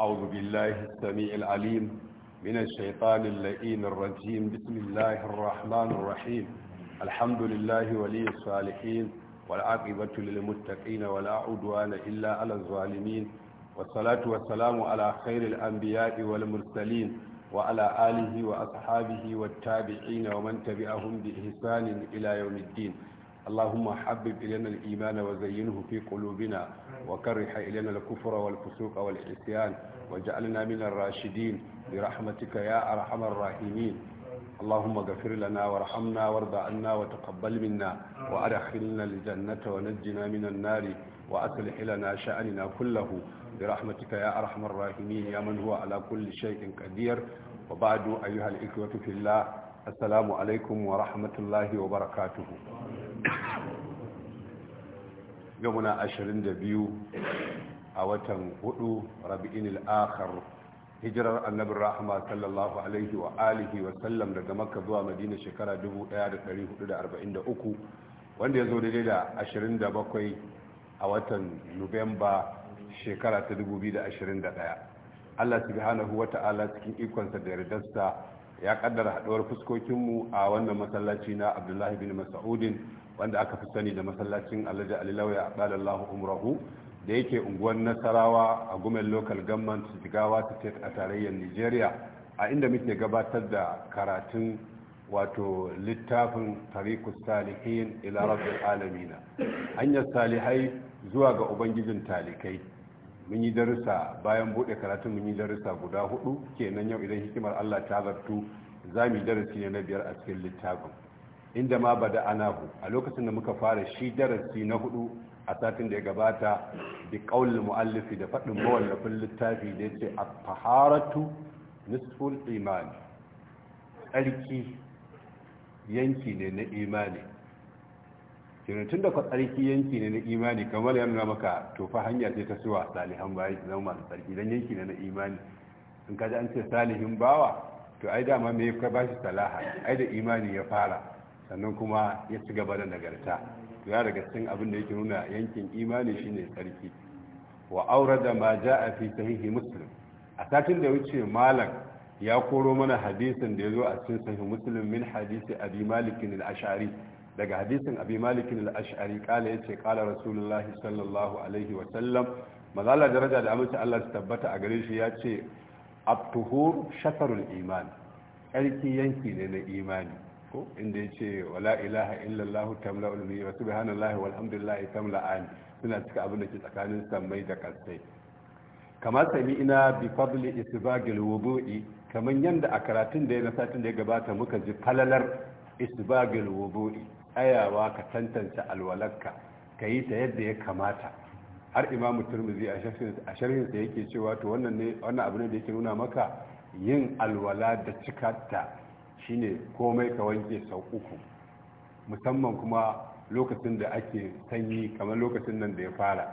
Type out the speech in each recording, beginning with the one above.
أعوذ بالله السميع العليم من الشيطان اللئيم الرجيم بسم الله الرحمن الرحيم الحمد لله ولي الصالحين والعاقبة للمتقين ولا عدوان إلا على الظالمين والصلاة والسلام على خير الأنبياء والمرسلين وعلى آله وأصحابه والتابعين ومن تبعهم بإحسان إلى يوم الدين اللهم حبب إلينا الإيمان وزينه في قلوبنا وكره إلينا الكفر والفسوق والعصيان وجعلنا من الراشدين برحمتك يا أرحم الراحمين اللهم اغفر لنا وارحمنا وارض عنا وتقبل منا وأدخلنا الجنة ونجنا من النار وأصلح لنا شأننا كله برحمتك يا أرحم الراحمين يا من هو على كل شيء قدير وبعد أيها الإخوة في الله السلام عليكم ورحمة الله وبركاته yau muna 22 a watan hudu rabi'in al'akar hijirar annabin rahama sallallahu alaihi wa alihi wa sallam daga makka zuwa madina shekara 1443 wanda ya zo daidai da 27 a watan nuwamba shekara ta 2021 allah subhanahu wa ta'ala cikin ikonsa da yardarsa ya kaddara haduwar fuskokinmu a wannan masallaci na abdullahi bin mas'udin wanda aka fi sani da masallacin alhaji ali lauya ɓalallahu umrahu da yake unguwar nasarawa a gumen local government jigawa state a tarayyar nigeria a inda muke gabatar da karatun wato littafin tarikus salihin ila rabbil alamina hanyar salihai zuwa ga ubangijin talikai mun yi darussa bayan bude karatun mun yi darussa guda hudu kenan yau idan hikimar allah ta zartu za mu yi darasi ne na biyar a cikin littafin inda ma bada anahu a lokacin da muka fara shi darasi na hudu a satin da ya gabata bi qaul muallifi da faɗin mawallafin littafi da ce a taharatu nisful imani. tsarki yanki ne na imani kenan tun da tsarki yanki ne na imani kamar ya na maka to fa hanya ce ta suwa salihan bayan su zama masu tsarki don yanki ne na imani in kaji an ce salihin bawa to ai dama me ka ba shi salaha ai da imani ya fara sannan kuma ya ci gaba da nagarta ya daga cikin abin da yake nuna yankin imani shine sarki wa aurada ma ja'a fi sahihi muslim a satin da wuce malam ya koro mana hadisin da ya zo a cikin sahihi muslim min hadisi abi malik al-ash'ari daga hadisin abi malik al-ash'ari kala yace kala rasulullah sallallahu alaihi wa sallam mazalla daraja da amince Allah ta tabbata a gare shi yace at-tuhur shatarul iman sarki yanki ne na imani ko inda ce wala ilaha illallah tamla ulmi wa subhanallahi walhamdulillahi tamla'an suna cika abin da ke tsakanin samai da kasai kamar sami ina bi fadli isbagil wudu'i kamar yanda a karatun da ya na satin da ya gabata muka ji falalar isbagil wudu'i tsayawa ka tantance alwalarka ka yi ta yadda ya kamata har imamu turmizi a sharhin sharhinsa yake cewa to wannan ne wannan abu ne da yake nuna maka yin alwala da cikatta shine komai ka wanke sau uku musamman kuma lokacin da ake sanyi kamar lokacin nan da ya fara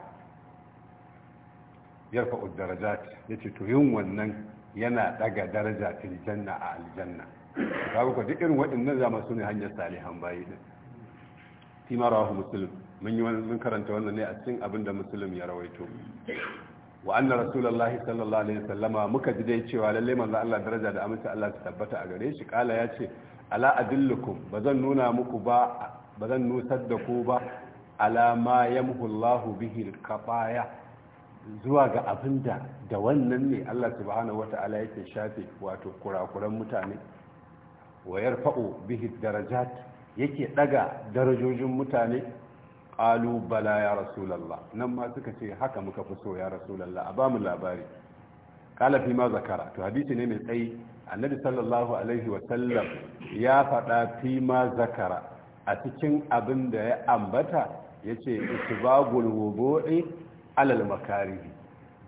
yarfa uddaraja ya ce to yin wannan yana daga daraja fil janna a aljanna ta kuka duk irin waɗannan zama su ne hanyar salihan bayi ɗin timarawa musulun mun karanta wannan ne a cikin abin da muslim ya rawaito wa anna rasulullahi sallallahu alaihi wasallama muka ji dai cewa lalle manzo Allah daraja da aminci Allah ta tabbata a gare shi kala ya ce ala adillukum bazan nuna muku ba bazan nusar da ku ba ala ma yamhu bihi al zuwa ga abinda da wannan ne Allah subhanahu wata'ala yake shafe wato kurakuran mutane wa yarfa'u bihi darajat yake daga darajojin mutane alu bala ya rasulallah nan ma suka ce haka muka fi so ya rasulallah a bamu labari kala fi ma zakara to hadisi ne mai tsayi annabi sallallahu alaihi wa sallam ya faɗa fi ma zakara a cikin abin da ya ambata yace istibagul wudu'i alal makarihi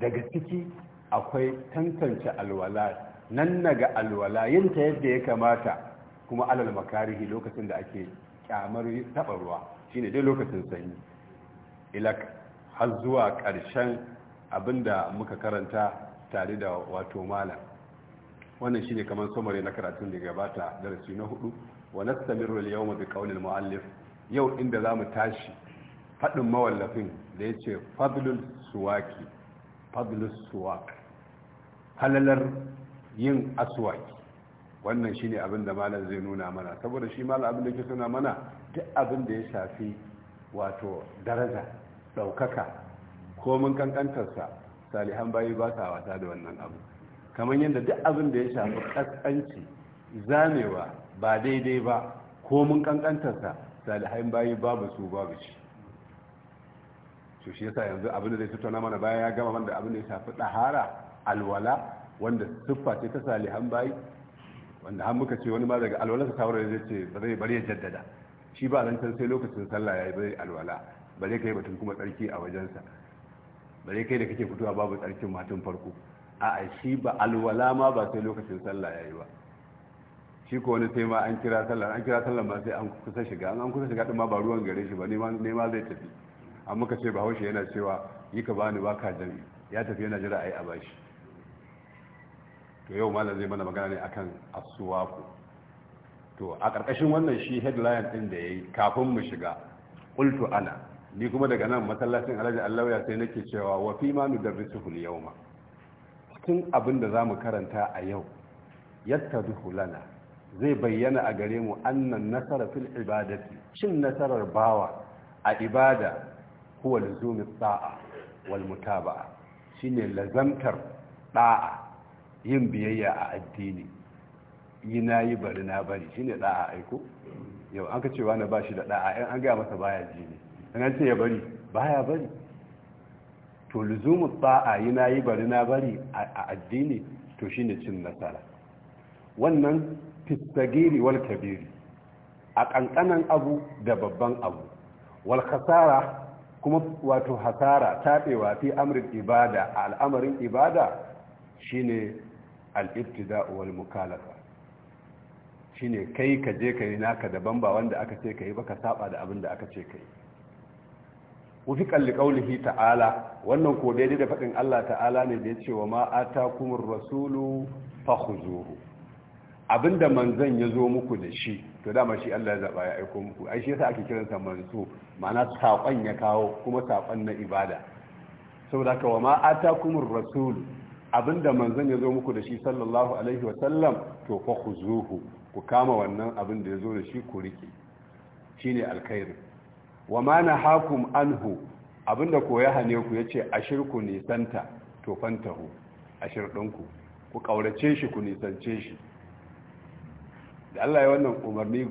daga ciki akwai tantance alwala nan naga alwala yinta yadda ya kamata kuma alal makarihi lokacin da ake kyamar taɓa ruwa shine dai lokacin sanyi ilak har zuwa ƙarshen abinda muka karanta tare da wato malam wannan shine kamar samari na karatun da gabata darasi na hudu wa nastamiru al-yawma bi qawli al-mu'allif yau inda zamu tashi fadin mawallafin da yace fadlul suwaki fadlus suwak halalar yin aswaki wannan shine abinda malam zai nuna mana saboda shi malam abin da yake nuna mana duk abin da ya shafi wato daraja ɗaukaka mun kankantarsa salihan bayi ba sa wata da wannan abu kamar yadda duk abin da ya shafi ƙasƙanci zamewa ba daidai ba ko mun kankantarsa salihan bayi babu su babu shi to shi yasa yanzu abin da zai tattauna mana baya ya gama wanda abin da ya shafi ɗahara alwala wanda siffa ce ta salihan bayi wanda har muka ce wani ma daga alwala ta da zai ce bari ya jaddada shi ba nan sai lokacin sallah ya yi bai alwala ba zai kai batun kuma tsarki a wajensa ba zai kai da kake fitowa babu tsarkin matan farko a shi ba alwala ma ba sai lokacin sallah ya yi ba shi ko wani sai ma an kira sallah an kira sallah ma sai an kusa shiga an kusa shiga din ma ba ruwan gare shi ba nema zai tafi amma ka ce bahaushe yana cewa yi ka bani ba ka jami ya tafi yana jira a yi a bashi to yau malam zai mana magana ne akan asuwaku to a ƙarƙashin wannan shi headline ɗin da ya yi kafin mu shiga ƙultu ana ni kuma daga nan masallacin alhaji allauya sai nake cewa wa fi ma nudarrisuhu yawma cikin abin da za mu karanta a yau yadda lana zai bayyana a gare mu annan nasara fil ibadati cin nasarar bawa a ibada huwa luzumi sa'a wal mutaba'a shine lazamtar da'a yin biyayya a addini yi na yi bari na bari shi ne da'a aiko yau an ka cewa na ba shi da da'a yan an gaya masa baya ji ne an ce ya bari baya bari to luzumu ba'a yi na yi bari na bari a addini to shi ne cin nasara wannan fistagiri wal kabiri a kankanan abu da babban abu wal khasara kuma wato hasara taɓewa fi amrin ibada al'amarin ibada shine al-ibtida wal mukalafa shine kai ka je ka yi naka daban ba wanda aka ce ka yi ba ka saba da abin da aka ce ka yi wufi kalli kaulihi ta'ala wannan ko daidai da faɗin Allah ta'ala ne da ya ce wa ma atakumur rasulu fakhuzuhu abinda manzon ya zo muku da shi to dama shi Allah ya zaba ya aiko muku ai shi yasa ake kiransa manzo ma'ana saƙon ya kawo kuma saƙon na ibada saboda ka wa ma atakumur rasulu abinda manzon ya zo muku da shi sallallahu alaihi wasallam to fa khuzuhu ku kama wannan abin da ya zo da shi ku rike shine alkhairu wa ma nahakum anhu abinda ko ya hane ku yace ashirku nisanta to fantahu ashir dinku ku kaurace shi ku nisance shi da Allah ya wannan umarni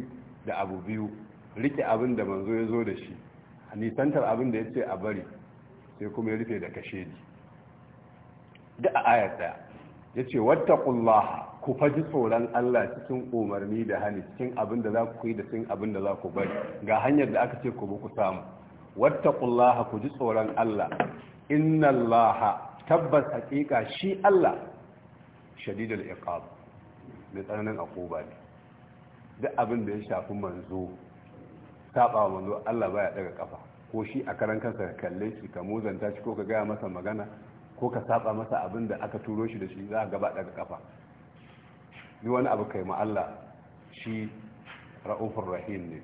da abu biyu rike abin da manzo ya zo da shi nisantar abin da yace a bari sai kuma ya rufe da kashe ni da a ayar yace ya ce ku faji tsoron Allah cikin umarni da hannu cikin abin da za ku yi da cikin abin da za ku bari ga hanyar da aka ce ku ku samu wattaqullaha ku ji tsoron Allah inna Allah tabbas hakika shi Allah shadidul iqab mai tsananin akuba ne duk abin da ya shafi manzo saba manzo Allah baya ɗaga kafa ko shi a karan kansa ka kalle shi ka muzanta shi ko ka gaya masa magana ko ka saba masa abin da aka turo shi da shi za a gaba daga kafa ni wani abu kai Allah shi ra'ufur rahim ne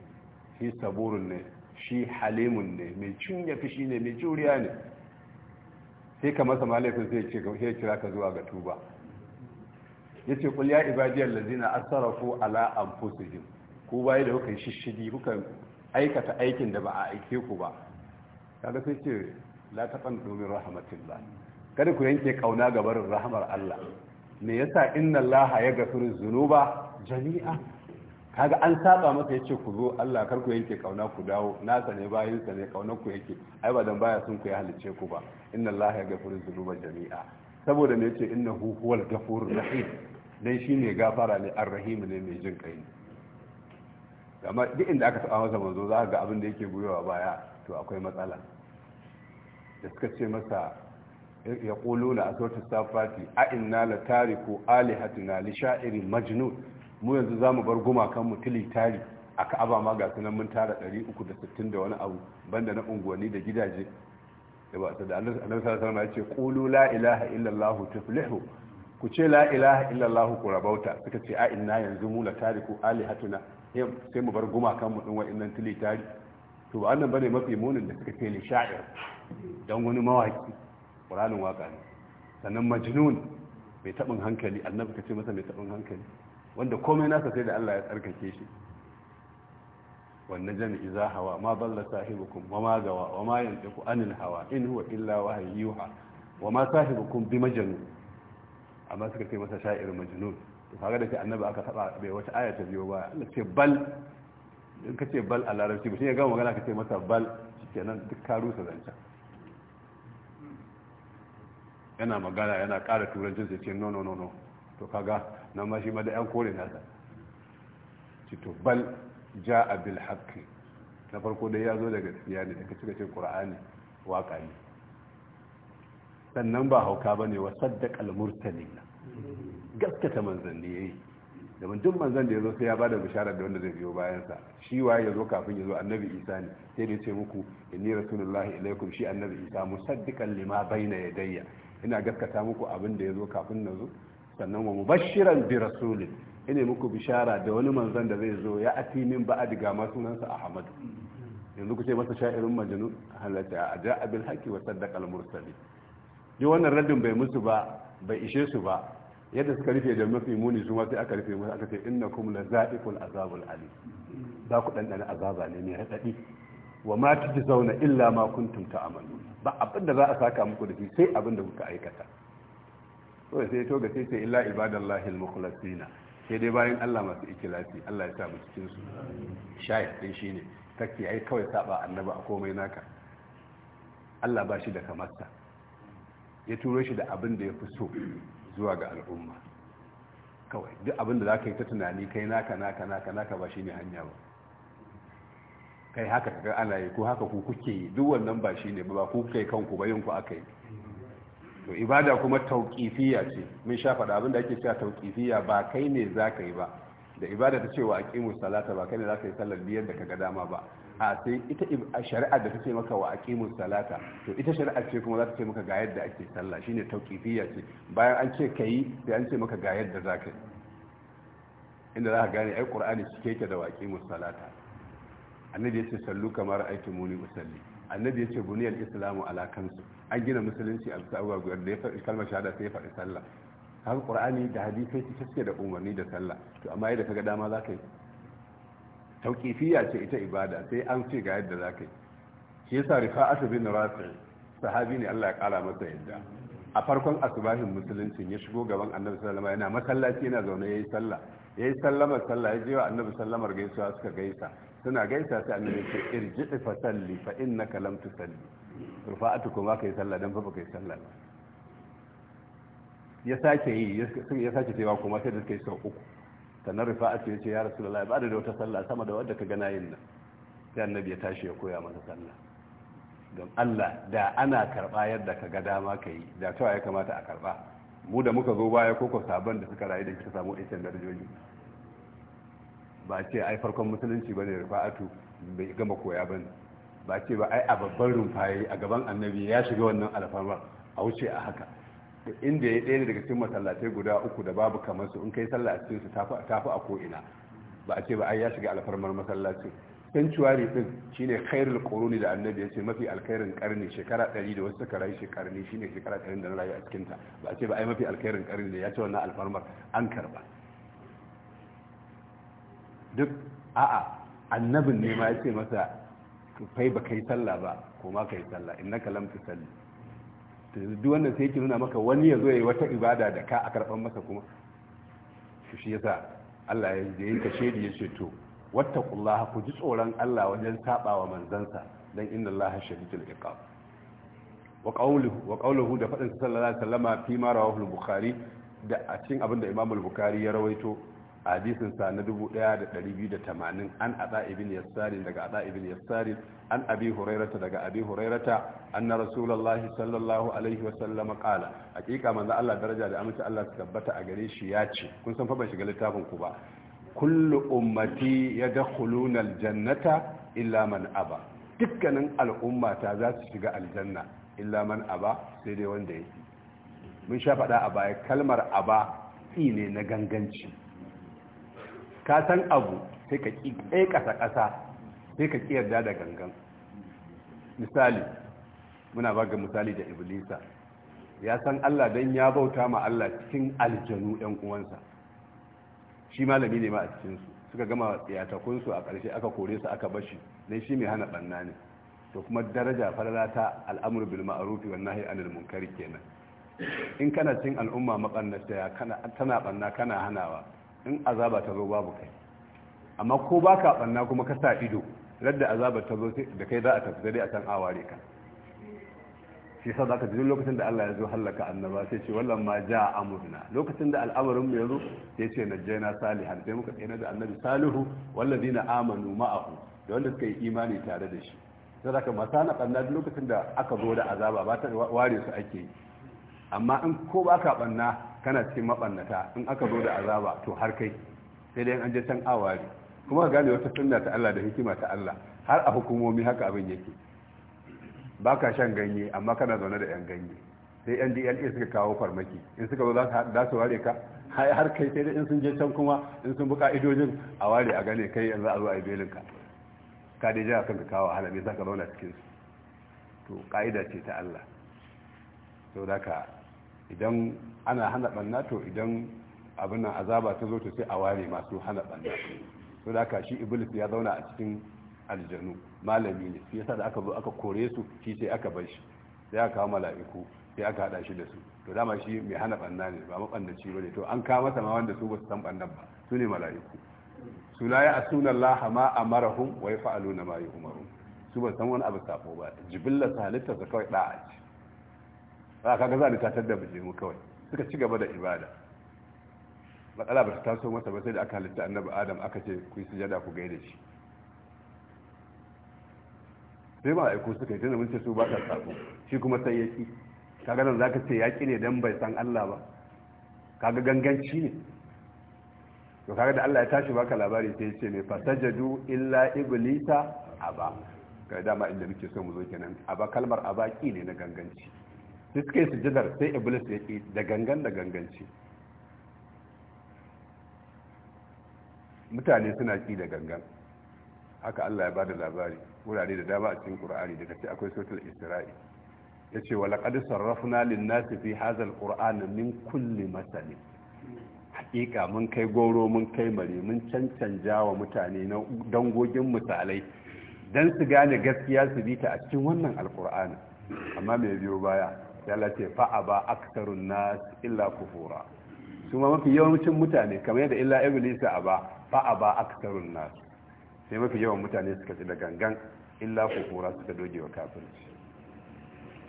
shi saburun ne shi halimun ne mai fi shi ne mai juriya ne sai ka masa malafin sai ce ya kira ka zuwa ga tuba ya ce kulya ibadiyar lazina sarrafo ala anfusihim ku bayi da kuka shishidi, kuka aikata aikin da ba a aike ku ba kaga sai ce la taqan domin ba. kada ku yanke kauna ga barin rahmar Allah me yasa inna Allah ya gafiru zunuba jami'a kaga an saba masa yace ku zo Allah kar ku yanke kauna ku dawo na sane bayin sa ne kaunar ku yake ai ba dan baya sun ku ya halice ku ba inna Allah ya gafiru zunuba jami'a saboda me yace innahu huwal ghafurur rahim dan shine gafara ne arrahim ne mai jin kai amma duk inda aka saba masa manzo za ga abin da yake goyowa baya to akwai matsala da suka ce masa ya ƙolo na a sautar safati a inna la tariku alihatina li sha'irin majnun mu yanzu za mu bar gumakanmu tari a ka'aba ma ga sunan mun tara 360 da wani abu banda na unguwanni da gidaje da ba su da annabi sallallahu alaihi ya ce qulu la ilaha illallah tuflihu ku ce la ilaha illallah ku rabauta suka ce a inna yanzu mu la tariku alihatuna sai mu bar gumakanmu din wa'annan tari to ba annan bane mafi munin da suka ce li sha'ir dan wani mawaki ƙuranin waƙa ne sannan majinun mai taɓin hankali annabi ka ce masa mai taɓin hankali wanda komai nasa sai da Allah ya tsarkake shi wannan jami'i za hawa ma balla sahibukum wa ma gawa wa ma yantiqu anil hawa in huwa illa wahyu yuha wa ma sahibukum bi majnun amma suka ce masa sha'ir majnun to kaga da ke annabi aka taba bai wata aya ta biyo ba Allah ce bal in ka ce bal a larabci ba shi ya gama magana ka ce masa bal shikenan duk ka rusa zancen yana magana yana kara turancin sai ce no no no no to kaga nan ma shi ma da yan kore nasa ci to bal ja abil haqqi na farko dai ya zo daga gaskiya ne daga cikin qur'ani waka ne sannan ba hauka bane wa saddaqa al mursalin gaskata manzanni yayi domin duk manzan da ya zo sai ya bada bisharar da wanda zai biyo bayansa shi waye yazo kafin ya zo annabi isa ne sai da ya ce muku inni rasulullahi ilaikum shi annabi isa musaddiqan lima ya yadayya ina gaskata muku abin da ya zo kafin na zo sannan wa mubashiran bi rasulin ina muku bishara da wani manzan da zai zo ya ati min ba'ad ga ma sunansa ahmad yanzu ku ce masa sha'irin majnun halata a ja'a bil haqi wa saddaqa al mursali ji wannan raddin bai musu ba bai ishe su ba yadda suka rufe da mafi muni su sai aka rufe musu aka ce innakum la za'iqul azabul ali za ku dandana azaba ne mai radadi wa ma zauna illa ma kuntum ta'malun ba abin za a saka muku da shi sai abin da kuka aikata to sai to ga sai sai illa ibadallahi almukhlasina sai dai bayan Allah masu ikhlasi Allah ya sa mu cikin su shayi din shine kake ai kawai saba annabi a komai naka Allah ba shi da kamarsa ya turo shi da abin ya fi so zuwa ga al'umma kawai duk abin da za ka yi ta tunani kai naka naka naka naka ba shi ne hanya ba kai haka kaga ana yi ko haka ku kuke yi duk wannan ba shi ne ba ku kai kanku ba yanku aka yi to ibada kuma tauqifiyya ce mun sha faɗa abinda ake cewa tauqifiyya ba kai ne zaka yi ba da ibada ta cewa aqimu salata ba kai ne zaka yi sallar biyar da kaga dama ba a sai ita shari'a da take maka wa aqimu salata to ita shari'a ce kuma za ta ce maka ga yadda ake sallah shine tauqifiyya ce bayan an ce kai sai an ce maka ga yadda zaka yi inda za ka gane ai qur'ani cike yake da waqimu salata annabi ya ce sallu kamar aiki muni usalli annabi ya ce buniyar islamu ala kansu an gina musulunci a bisa abubuwa da ya faɗi kalmar shahada sai ya faɗi sallah kan qur'ani da hadisai su suke da umarni da sallah to amma yadda kaga dama za ka yi tauqifiyya ce ita ibada sai an ce ga yadda za ka yi shi yasa rifa'atu bin rafi sahabi ne Allah ya kala masa yadda a farkon asubahin musuluncin ya shigo gaban annabi sallama yana masallaci yana zaune ya yi sallah yayi sallamar sallah ya je wa annabi sallamar gaisuwa suka gaisa suna gaisa ta annabi ce irji fa salli fa innaka lam tusalli rufa'atu kuma kai sallah dan fa kai yi sallah ba ya sake yi ya sake cewa kuma sai da kai sau uku sannan rufa'atu ya ce ya rasulullahi ba da wata sallah sama da wadda ka gana yin nan sai annabi ya tashi ya koya masa sallah don Allah da ana karba yadda ka ga dama ka yi da cewa ya kamata a karba mu da muka zo baya koko sabon da suka rayu da suka samu isan darajoji ba ce ai farkon musulunci ba ne rufa'atu bai gama koya ba ne ba ce ba ai a babban rumfaye a gaban annabi ya shiga wannan alfarmar a wuce a haka inda ya ɗaya daga cikin masallatai guda uku da babu kamar su in kai sallah a cikin su tafi a ko'ina ba a ce ba ai ya shiga alfarmar masallacin sanctuary din shine khairul quruni da annabi ya ce mafi alkhairin karni shekara 100 da wasu suka rayu shekarni shine shekara 100 da na rayu a cikin ta ba a ce ba ai mafi alkhairin karni da ya ce wannan alfarmar an karba duk a'a annabin ne ma ya ce masa kai ba kai sallah ba ko ma kai sallah innaka lam tusalli to duk wanda sai yake nuna maka wani ya zo yayi wata ibada da ka a karban masa kuma shi yasa Allah ya yi ka shedi ya ce to wattaqullaha ku ji tsoron Allah wajen sabawa manzansa dan inna Allah shadidul iqab wa qawluhu wa qawluhu da fadin sallallahu alaihi wasallama fi ma rawahu al-bukhari da a cikin abinda imamul bukhari ya rawaito hadisin sa na 1280 an ada ibn yassarin daga ada ibn yassarin an abi hurairata daga abi hurairata anna rasulullahi sallallahu alaihi wasallam qala hakika manzo Allah daraja da amince Allah su tabbata a gare shi ya ce kun san fa ban shiga littafin ku ba kullu ummati yadkhuluna aljannata illa man aba dukkanin al'ummata za su shiga aljanna illa man aba sai dai wanda yake mun sha faɗa a baya kalmar aba ne na ganganci ka san abu sai ka ƙi ɗaya ƙasa-ƙasa sai ka ƙi yarda da gangan misali muna ba ga misali da iblisa ya san allah don ya bauta ma allah cikin aljanu ɗan uwansa shi malami ne ma a cikinsu suka gama yatakunsu a ƙarshe aka kore su aka bashi don shi mai hana ɓanna ne to kuma daraja farala ta al'amur bil ma'arufi wa nahi anil munkari kenan in kana cin al'umma maɓannata tana ɓanna kana hanawa in azaba ta zo babu kai amma ko ba ka ɓanna kuma ka sa ido radda azaba ta zo da kai za a tafi dare a san aware ka shi sa za ka ji lokacin da Allah ya zo hallaka annaba sai ce wallan ma ja amurna lokacin da al'amarin mu ya zo sai ce najjayna salihan sai muka tsena da annabi salihu wallazina amanu ma'ahu da wanda suka yi imani tare da shi sai zaka ka masa na lokacin da aka zo da azaba ba ta ware su ake yi amma in ko ba ka ɓanna kana cikin maɓannata in aka zo da azaba to har kai sai dai an je can awari kuma gane wata sunna ta Allah da hikima ta Allah har a hukumomi haka abin yake ba ka shan ganye amma kana zaune da 'yan ganye sai yan dla e suka kawo farmaki in suka zo za su ware ka har kai sai in sun je can kuma in sun bi ka'idojin a ware a gane kai yanzu a zo a yi belin ka ka dai jira kanka kawo hala me za ka zauna cikin su to ka'ida ce ta Allah saboda ka idan ana hana banna to idan abin azaba ta zo to sai a ware masu hana banna to da aka shi iblis ya zauna a cikin aljanu malami ne shi yasa da aka zo aka kore su shi sai aka bar shi sai aka kawo mala'iku sai aka hada shi da su to dama shi mai hana banna ne ba mabannaci bane to an kama masa ma wanda su ba su san bannan ba su ne mala'iku su la ya'suna Allah ma amarahum wa yaf'aluna ma Umaru su ba san wani abu safo ba jibillar halitta su kawai da'a ce a kaga za a tatar da bujimu kawai suka ci gaba da ibada matsala ba ta taso masa ba sai da aka halitta annabi adam aka ce ku yi sujada ku gaida shi sai ba aiko suka yi tunda mun ce su ba ta sako shi kuma sai ya ki kaga nan zaka ce ya ne don bai san Allah ba kaga ganganci ne to kaga da Allah ya tashi baka labari sai ya ce ne sajadu illa iblisa aba kai dama inda muke so mu zo kenan aba kalmar aba ki ne na ganganci sai suka yi sai iblis ya ƙi da gangan da ganganci mutane suna ƙi da gangan haka Allah ya ba da labari wurare da dama a cikin Qur'ani daga ce akwai sautar Isra'i ya ce wa laqad sarrafna lin-nasi fi hazal al min kulli masani hakika mun kai goro mun kai mare mun cancanja wa mutane na dangogin misalai don su gane gaskiya su bi ta a cikin wannan alkur'ani amma mai biyo baya Allah ce fa'a ba aktarun nas illa kufura su ma mafi yawancin mutane kamar yadda illa iblisa a ba fa'a ba aktarun nas sai mafi yawan mutane suka ci da gangan illa kufura suka doge wa kafirci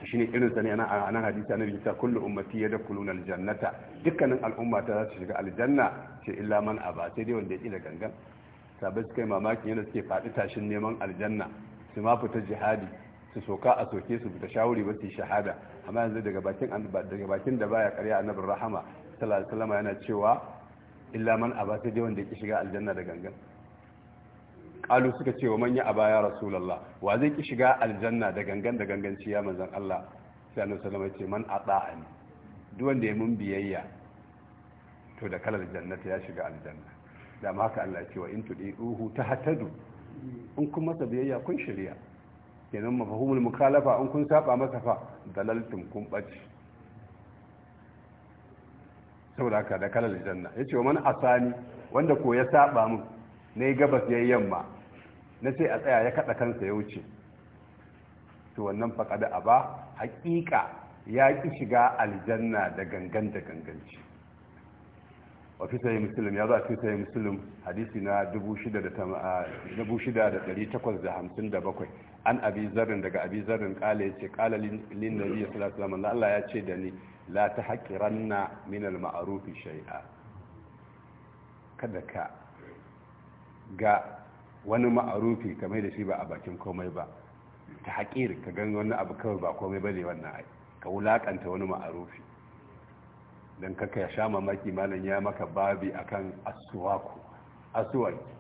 shi ne irin sani a nan hadisi na bisa kullu ummati ya da kulun aljannata dukkanin al'umma ta za su shiga aljanna ce illa man a ba sai dai wanda ya ƙi da gangan sabai suka yi mamakin yadda suke faɗi tashin neman aljanna su ma fita jihadi su soka a soke su da shawuri ba su shahada amma yanzu daga bakin daga bakin da baya ƙarya annabin rahama sallallahu alaihi wasallam yana cewa illa man aba sai dai wanda yake shiga aljanna da gangan qalu suka ce wa manya aba ya rasulullah wa zai ki shiga aljanna da gangan da ganganci ya manzon Allah sallallahu alaihi wasallam ya ce man ata'ani duk wanda ya mun biyayya to da kalar jannati ya shiga aljanna da haka Allah ya ce wa in ta tahtadu in kuma biyayya kun shirya kenan mafahumul mukhalafa in kun saba masa fa dalaltum kun bace saboda ka da kalal janna yace wa man asani wanda ko ya saba mun nayi gabas yayin yamma na ce a tsaya ya kada kansa ya wuce to wannan faqad aba haqiqa ya ki shiga aljanna da gangan da ganganci wa fi sahih muslim ya zo a fi sahih muslim hadisi na 6857 an abi zarin daga abi zarin kala ya ce kala lin nabi sallallahu alaihi Allah ya ce da ni la ta haƙiranna min al ma'ruf shay'a kada ka ga wani ma'arufi kamar da shi ba a bakin komai ba ta haƙir ka gan wani abu kawai ba komai ba ne wannan ai ka wulaƙanta wani ma'arufi don kaka ya sha mamaki malam ya maka babi akan asuwaku asuwaki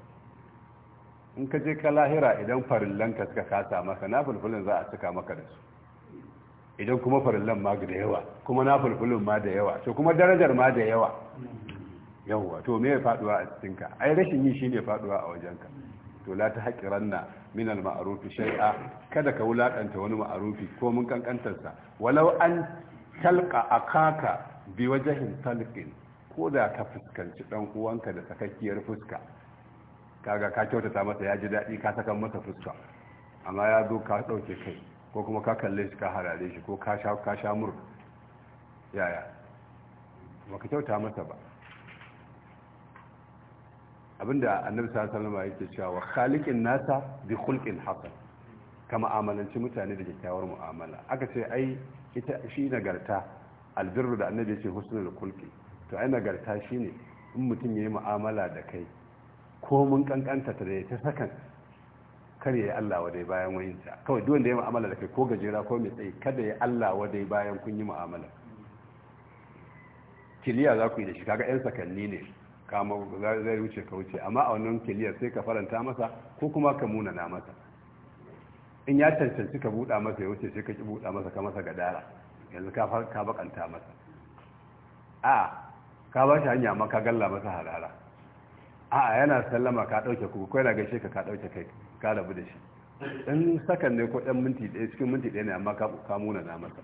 in ka je ka lahira idan farillanka suka kasa maka na fulfulun za a cika maka da su idan kuma farillan ma da yawa kuma na fulfulun ma da yawa to kuma darajar ma da yawa yawa to me ya faduwa a cikinka ai rashin yi shine faduwa a wajenka to la ta haƙiranna min al-ma'ruf shay'a kada ka wulakanta wani ma'rufi ko mun kankantarsa walau an talqa akaka bi wajhin talqin ko da ka fuskanci dan uwanka da sakakkiyar fuska kaga ka kyautata masa ya ji daɗi ka saka masa fuska amma ya zo ka ɗauke kai ko kuma ka kalle shi ka harare shi ko ka sha ka sha mur yaya ka kyauta masa ba abinda annabi sallallahu alaihi wasallam yake cewa khaliqin nasa bi khulqin hasan ka amalanci mutane da kyakkyawar mu'amala aka ce ai ita shi nagarta albirru da annabi ya ce husnul khulqi to ai nagarta shine in mutum yayi mu'amala da kai ko mun kankanta ta da ta sakan kar ya Allah wa dai bayan wayinta kawai duk wanda ya mu'amala da kai ko gajera ko mai tsayi kada ya Allah wa dai bayan kun yi mu'amala kiliya za ku yi da shi kaga yan sakanni ne kama zai wuce ka wuce amma a wannan kiliya sai ka faranta masa ko kuma ka munana masa in ya cancanci ka buɗa masa ya wuce sai ka ki buɗa masa ka masa gadara yanzu ka bakanta masa a ka ba shi hanya ma ka galla masa harara a yana sallama ka ɗauke ku kai daga gaishe ka ka ɗauke kai ka rabu da shi ɗan sakan ne ko ɗan minti ɗaya cikin minti ɗaya ne amma ka ka muna na masa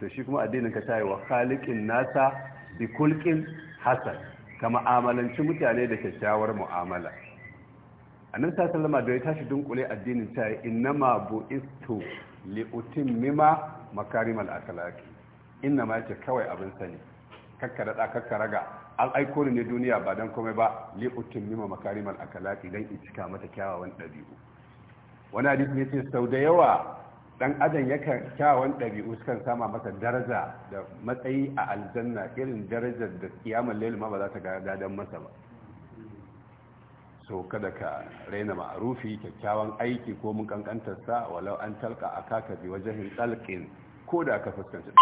to shi kuma addinin ka ta yi wa khaliqin nasa bi kulqin hasan ka ma'amalanci mutane da kyakkyawar mu'amala annabi sallama da ya tashi dunkule addinin ta yi innama istu li mima makarimal akhlaqi innama ce kawai abin sani kakkara da kakkara ga an aiko ni ne duniya ba don komai ba li utammima a kalafi don in cika mata kyawawan ɗabi'u wani hadisi ce sau da yawa dan adam yakan kyawawan su sukan sama masa daraja da matsayi a aljanna irin darajar da kiyamar lail ma ba za ta gada dadan masa ba so kada ka raina ma'arufi kyakkyawan aiki ko mun kankantar sa walau an talka a bi wajen talqin ko da ka fuskanci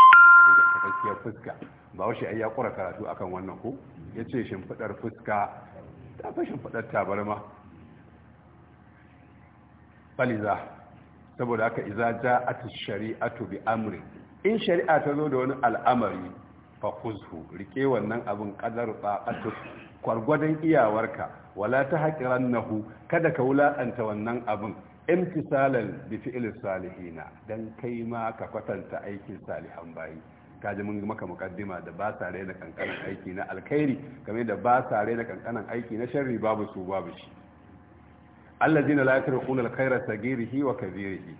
da cikakkiyar fuska ba washe ai ya kura karatu akan wannan ko ya ce shimfiɗar fuska ta fi shimfiɗar tabarma baliza saboda haka iza ja ati shari'atu bi amri in shari'a ta zo da wani al'amari fa kuzhu rike wannan abin ba a ta kwargwadon iyawarka wala ta haqirannahu kada ka wulaƙanta wannan abin imtisalan bi fi'l salihina dan kai ma ka kwatanta aikin salihan bayi kaji mun maka mukaddima da ba sa raina kankanan aiki na alkhairi game da ba sa raina kankanan aiki na sharri babu su babu shi allazina la yatrukuna alkhaira sagirihi wa kabirihi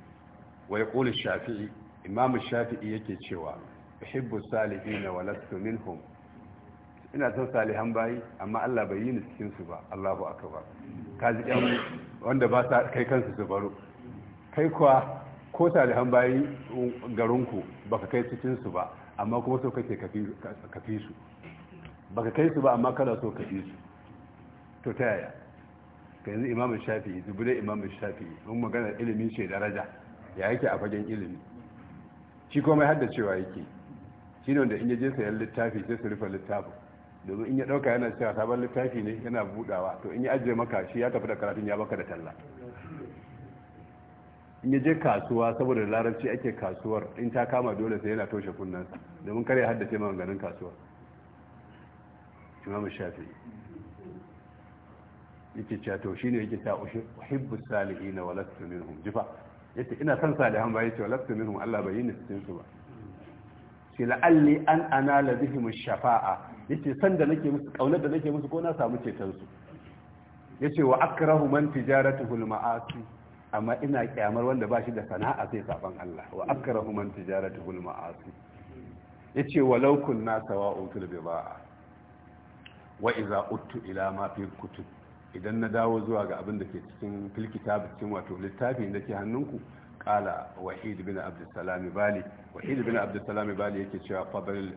wa yaqulu ash-shafi'i imam ash-shafi'i yake cewa uhibbu salihin wa lastu minhum ina son salihan bayi amma Allah bai yi ni cikin su ba Allahu akbar kaji yan wanda ba sa kai kansu su baro kai kuwa ko salihan bayi garinku baka kai cikin su ba amma kuma so kake kafi su baka kai su ba amma kada so kafi su to ta yaya ka yanzu imamun dubu dubulan imamun shafi mun magana ilimin ce daraja ya yake a fagen ilimi shi komai hadda cewa yake shi ne wanda in je sayan littafi sai su rufe littafi domin in ya ɗauka yana cewa sabon littafi ne yana budawa to in ya ajiye maka shi ya tafi da karatun ya baka da talla in ya je kasuwa saboda larabci ake kasuwar in ta kama dole sai yana toshe kunnansa domin kare haddace ganin kasuwa imam shafi yake cewa to shine yake ta uhibbu salihin wa lastu minhum jifa yace ina san salihan ba yace lastu minhum Allah bai yi ni su ba sai la'alli an anala bihim shafa'a yace san da nake musu kaunar da nake musu ko na samu ceton su yace wa akrahu man tijaratuhu al-ma'asi amma ina kyamar wanda ba shi da sana'a sai saban Allah wa akrahu man tijaratuhul ma'asi yace walau kunna sawa'un fil bida'a wa idza uttu ila ma fi kutub idan na dawo zuwa ga abin da ke cikin fil cikin wato littafin da ke hannunku qala wahid bin abdussalam bali wahid bin abdussalam bali yake cewa fadl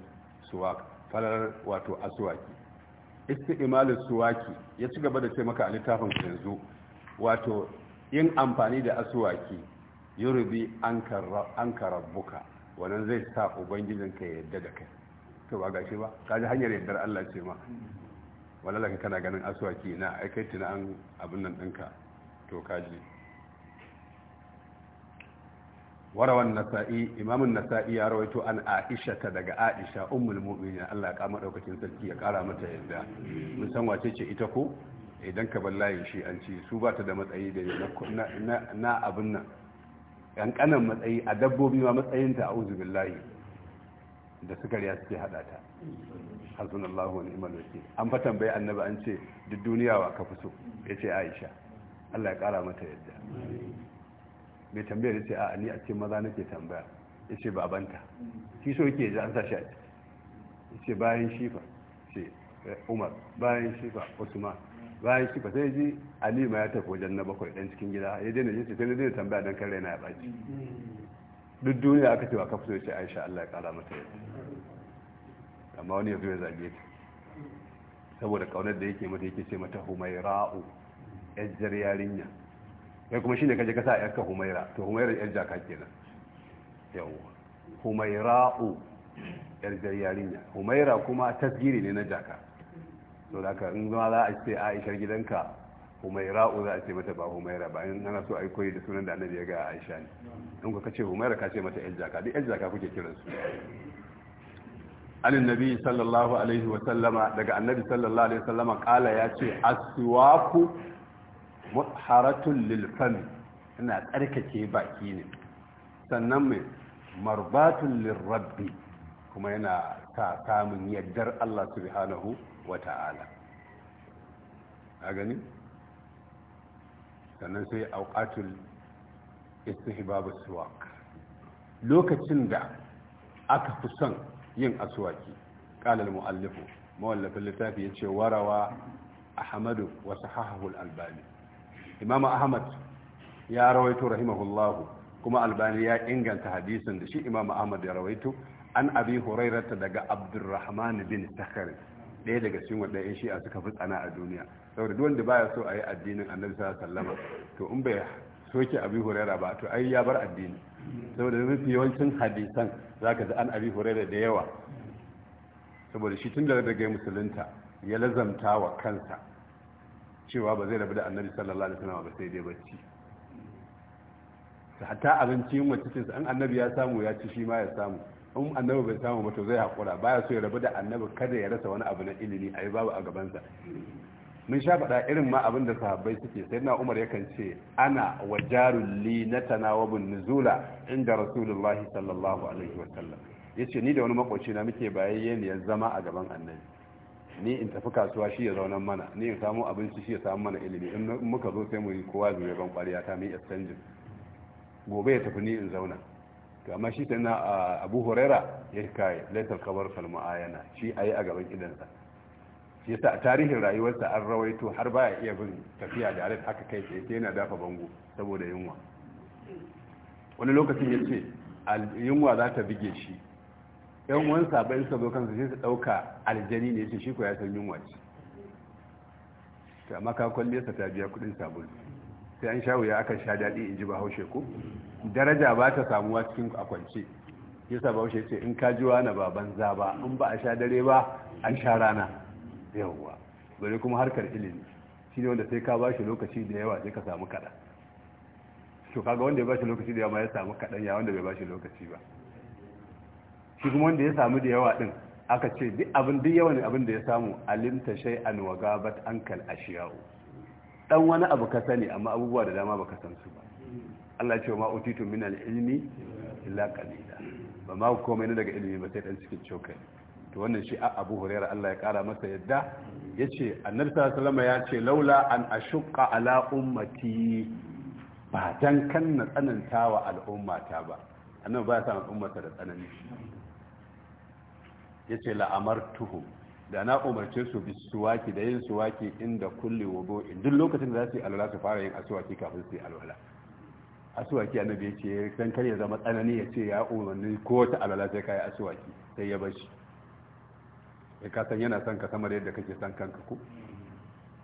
suwak falar wato aswaki istimalu suwaki ya ci gaba da ce maka a littafin yanzu wato yin amfani da asuwaki yurubi an karabuka wannan zai sa ubangijin ya yadda da kai to ba gashi ba ka ji hanyar yaddar Allah ce ma ka kana ganin asuwaki na aikaitu na an abin nan ɗinka to ji warawan nasa'i imamun nasa'i ya rawaito an aisha ta daga aisha ummul mu'minin Allah ya kama daukakin sarki ya kara mata yadda mun san wace ce ita ko idan ka bar layin shi an ci su ba ta da matsayi da na abin nan ƙanƙanan matsayi a dabbobi ma matsayinta a uzubin layi da suka riya suke haɗa ta hasun Allah wani iman wake an fa tambayi annaba an ce duk duniya wa ka fi so ya ce aisha Allah ya ƙara mata yadda mai tambayar ya ce a ni a cikin maza nake tambaya ya ce babanta shi so yake ji an sa shi a ya ce bayan shifa ce eh, umar bayan shifa usman bayan shi ba sai ji alima ya tafi wajen na bakwai dan cikin gida ya daina jin sai na daina tambaya dan kan raina ya baci duk duniya aka ce wa kafa sai aisha Allah ya kara mata yau amma wani ya zo ya zage ta saboda kaunar da yake mata yake ce mata humaira'u yajjar yarinya kai kuma shine kaje ka sa yarka humaira to humaira yar jaka kenan yawa humaira'u yajjar yarinya humaira kuma tasgiri ne na jaka so da ka zama za a ce aishar gidanka humaira za a ce mata ba humaira ba in ana so a yi koyi da sunan da annabi ya ga aisha ne in ka kace humaira ka ce mata yan jaka duk yan jaka kuke kiransu su annabi sallallahu alaihi wa sallama daga annabi sallallahu alaihi wa sallama kala ya ce aswaku mutharatun lil fami ina tsarkake baki ne sannan mai marbatun lil rabbi kuma yana ta samun yaddar Allah subhanahu wa ta'ala a gani sannan sai auƙatul istihbab babu suwak lokacin da aka fi son yin aswaki ƙalar muallifu mawallafin littafi ya ce warawa ahmadu wasu sahahahu albani imam ahmad ya rawaito rahimahullahu kuma albani ya inganta hadisin da shi imam ahmad ya rawaito an abi hurairata daga abdurrahman bin sakhari ɗaya daga cikin wanda ya shi'a suka fi tsana a duniya saboda duk wanda baya so a yi addinin annabi sallallahu alaihi to in bai soke abi huraira ba to ai ya bar addini saboda mafi yawancin hadisan zaka ji an abi huraira da yawa saboda shi tun da daga musulunta ya lazamta wa kansa cewa ba zai rabu da annabi sallallahu alaihi wasallam ba sai dai bacci hatta abinci yin wacce an annabi ya samu ya ci shi ma ya samu in annabi bai samu ba to zai hakura baya so ya rabu da annabi kada ya rasa wani abu na ilimi a yi babu a gabansa mun sha faɗa irin ma abin da sahabbai suke sai na umar yakan ce ana wa jarun li na tanawabun nuzula inda rasulullahi sallallahu alaihi wa ya ce ni da wani makwaci na muke ya zama a gaban annabi ni in tafi kasuwa shi ya zaunan mana ni in samu abinci shi ya samu mana ilimi in muka zo sai mu yi kowa zuwa ban kwariya ta mu yi gobe ya tafi ni in zauna to amma shi yi na abu huraira ya kai laitar kabar salmu ayana shi a yi a gaban idansa shi ta tarihin rayuwarsa an rawaito har baya iya bin tafiya da alif haka kai tsaye yana dafa bango saboda yunwa wani lokacin ya ce yunwa za ta bige shi yan wani sabon suka zo kansa sai su dauka aljani ne shi ko ya san yunwa ce amma ka nesa ta biya kuɗin sabulu sai an sha wuya aka sha daɗi in ji ba haushe ko daraja ba ta samuwa cikin akwance yasa wuce ce in ka ji wani ba banza ba in ba a sha dare ba an sha rana yawwa bari kuma harkar ilimi shi ne wanda sai ka ba shi lokaci da yawa sai ka samu kaɗan to kaga wanda ya ba shi lokaci da yawa ya samu kaɗan ya wanda bai ba shi lokaci ba shi kuma wanda ya samu da yawa din aka ce duk abin duk yawan abin da ya samu alimta shay an wa gabat ankal ashiya'u dan wani abu ka sani amma abubuwa da dama baka san su ba Allah ce ma utitu min al-ilmi illa qalila ba ma komai daga ilimi ba sai dan cikin cokai to wannan shi a Abu Hurairah Allah ya kara masa yadda yace Annabi sallallahu alaihi wasallam ya ce laula an ashqa ala ummati ba dan kan na tsananta wa al'ummata ba annabi ba ya sa al'ummata da tsanani yace la amartuhu da na umarce su bi suwaki da yin suwaki inda kulli wudu'in duk lokacin da za su yi alwala su fara yin asuwaki kafin su yi alwala asuwaki annabi ya ce dan kar ya zama tsanani ya ce ya umarni ko ta alala sai kai asuwaki sai ya bashi sai eh, ka san yana son ka sama da yadda kake son kanka ko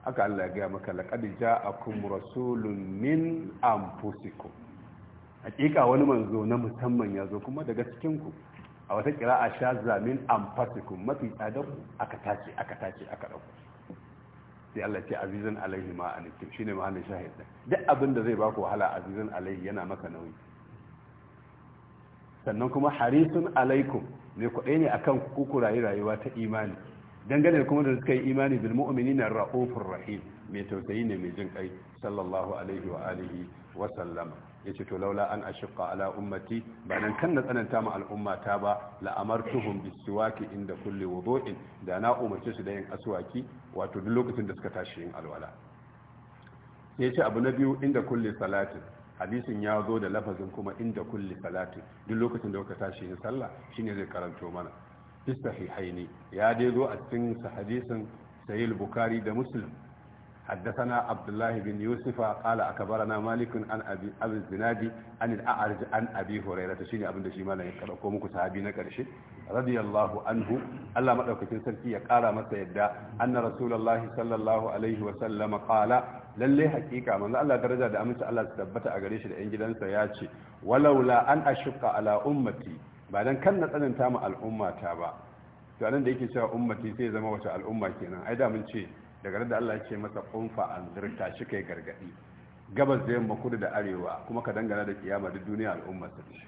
aka Allah ya ga maka laqad ja'akum rasulun min anfusikum hakika wani manzo na musamman ya zo kuma daga cikin ku a wata kira'a shazza min anfusikum mafi tsadar aka tace aka tace aka dauko sai Allah ce azizan alaihi ma shine mahallin shahid din duk abin da zai baku wahala azizan alaihi yana maka nauyi sannan kuma harisun alaikum ne kuɗai ne akan ku ku rayu rayuwa ta imani dangane kuma da suka yi imani bil mu'minina ra'ufur rahim mai tausayi ne mai jin kai sallallahu alaihi wa alihi wa sallama ya ce to laula an ashiqa ala ummati ba nan kan na tsananta ma al'umma ta ba la'amartuhum bisiwaki inda kulli wudu'in da na umarce su da yin aswaki wato duk lokacin da suka tashi yin alwala ya ce abu na biyu inda kulli salatin hadisin ya zo da lafazin kuma inda kulli salatin duk lokacin da kuka tashi yin sallah shine zai karanto mana fi sahihaini ya dai zo a cikin hadisin sahih bukhari da muslim حدثنا عبد الله بن يوسف قال أكبرنا مالك عن أبي, أبي الزنادي عن الأعرج عن أبي هريرة شيني أبن دشيما لا يقرأكم na karshe رضي الله عنه ألا مدعوك تنسلتي يقارى masa yadda أن رسول الله صلى الله عليه وسلم قال lalle hakika manzo Allah daraja da aminci Allah su tabbata a gare shi da 'yan gidansa ya ce walaula an ashqa ala ummati ba dan kan na tsananta mu al'ummata ba to anan da yake cewa ummati sai zama wata al'umma kenan ai da mun ce daga da Allah ce masa kunfa an zirta shi kai gargadi gabas da yamma kudu da arewa kuma ka dangana da kiyama duk duniya al'umma ta ce